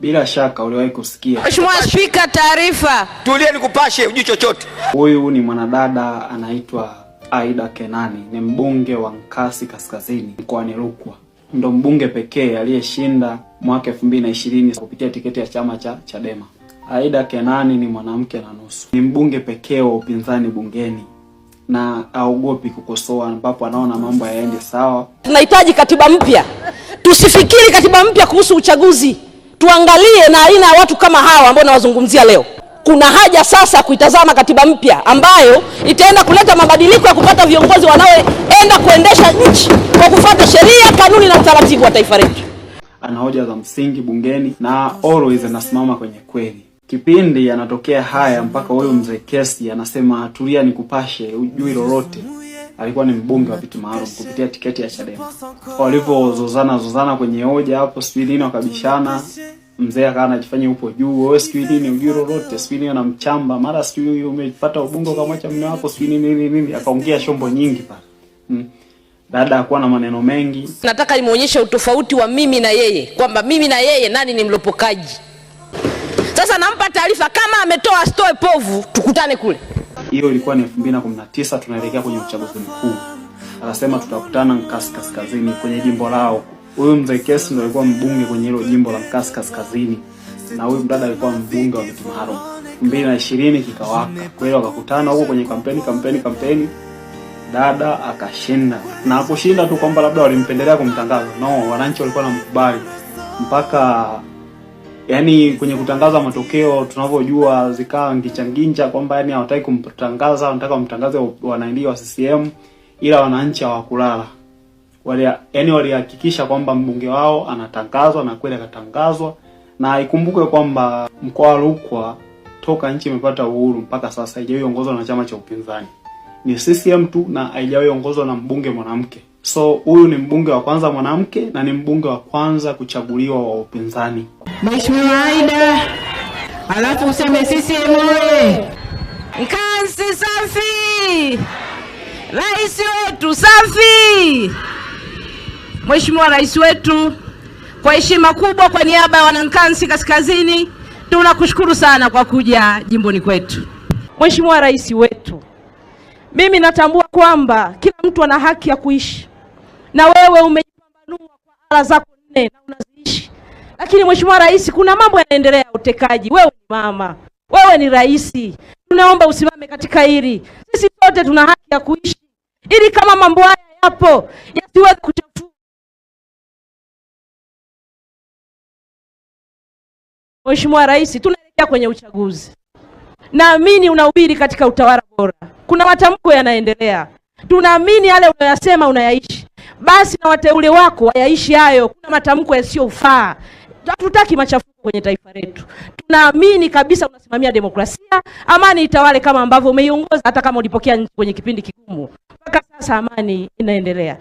Bila shaka uliwahi kusikia. Mheshimiwa Spika, taarifa. Tulie nikupashe ujui chochote. Huyu ni mwanadada anaitwa Aida Kenani, ni mbunge wa Nkasi Kaskazini mkoani Rukwa. Ndo mbunge pekee aliyeshinda mwaka 2020 kupitia tiketi ya chama cha Chadema. Aida Kenani ni mwanamke na nusu, ni mbunge pekee wa upinzani bungeni na aogopi kukosoa ambapo anaona mambo yaende sawa. Tunahitaji katiba mpya, tusifikiri katiba mpya kuhusu uchaguzi tuangalie na aina ya watu kama hawa ambao nawazungumzia leo. Kuna haja sasa kuitazama katiba mpya ambayo itaenda kuleta mabadiliko ya kupata viongozi wanaoenda kuendesha nchi kwa kufuata sheria, kanuni na utaratibu wa taifa letu. Ana hoja za msingi bungeni na always anasimama kwenye kweli. Kipindi anatokea haya mpaka huyo mzee Kesi anasema tulia, nikupashe ujui lolote alikuwa ni mbunge wa viti maalum kupitia tiketi ya Chadema. Walivyozozana zozana kwenye hoja hapo, sijui nini, wakabishana. Mzee akawa anajifanya upo juu, wewe sijui nini, ujui lolote, sijui nini, anamchamba mara, sijui huyu umepata ubunge ukamwacha mume wako, sijui nini nini nini, akaongea shombo nyingi pale hmm. Baada ya kuwa na maneno mengi. Nataka nimuonyeshe utofauti wa mimi na yeye, kwamba mimi na yeye nani ni mlopokaji. Sasa nampa taarifa kama ametoa stoe povu, tukutane kule hiyo ilikuwa ni 2019 tunaelekea kwenye uchaguzi mkuu. Akasema tutakutana Nkasi Kaskazini kwenye jimbo lao. Huyu mzee Kesi ndio alikuwa mbunge kwenye hilo jimbo la Nkasi Kaskazini na huyu mdada alikuwa mbunge wa Viti Maalum. ishirini kikawaka. Kwa hiyo wakakutana huko kwenye kampeni kampeni kampeni. Dada akashinda. Na kushinda tu kwamba labda walimpendelea kumtangaza. No, wananchi walikuwa na mkubali mpaka yani kwenye kutangaza matokeo tunavyojua zikawa ngichanginja kwamba yani hawataki kumtangaza, wanataka wamtangaze wananchi wa CCM, ila wananchi hawakulala. Wale yani walihakikisha kwamba mbunge wao anatangazwa na kweli akatangazwa, na ikumbukwe kwamba mkoa wa Rukwa toka nchi imepata uhuru mpaka sasa haijawahi ongozwa na chama cha upinzani, ni CCM tu, na haijawahi ongozwa na mbunge mwanamke. So huyu ni mbunge wa kwanza mwanamke na ni mbunge wa kwanza kuchaguliwa wa upinzani. Mheshimiwa Aida, alafu useme sisi oye! Mkansi safi! Rais wetu safi! Mheshimiwa Rais wetu, kwa heshima kubwa, kwa niaba ya wanankansi Kaskazini, tunakushukuru sana kwa kuja jimboni kwetu. Mheshimiwa Rais wetu, mimi natambua kwamba kila mtu ana haki ya kuishi, na wewe umejipambanua kwa ala zako nne na una lakini Mheshimiwa Rais, kuna mambo yanaendelea ya utekaji. Wewe ni mama, wewe ni rais, tunaomba usimame katika hili. Sisi sote tuna haki ya kuishi, ili kama mambo haya yapo yasiweze kuchafua. Mheshimiwa Rais, tunaelekea kwenye uchaguzi, naamini unahubiri katika utawala bora. Kuna matamko yanaendelea, tunaamini yale unayosema unayaishi. Basi na wateule wako wayaishi hayo. Kuna matamko yasiyofaa hatutaki machafuko kwenye taifa letu. Tunaamini kabisa unasimamia demokrasia, amani itawale kama ambavyo umeiongoza, hata kama ulipokea nchi kwenye kipindi kigumu. Mpaka sasa amani inaendelea.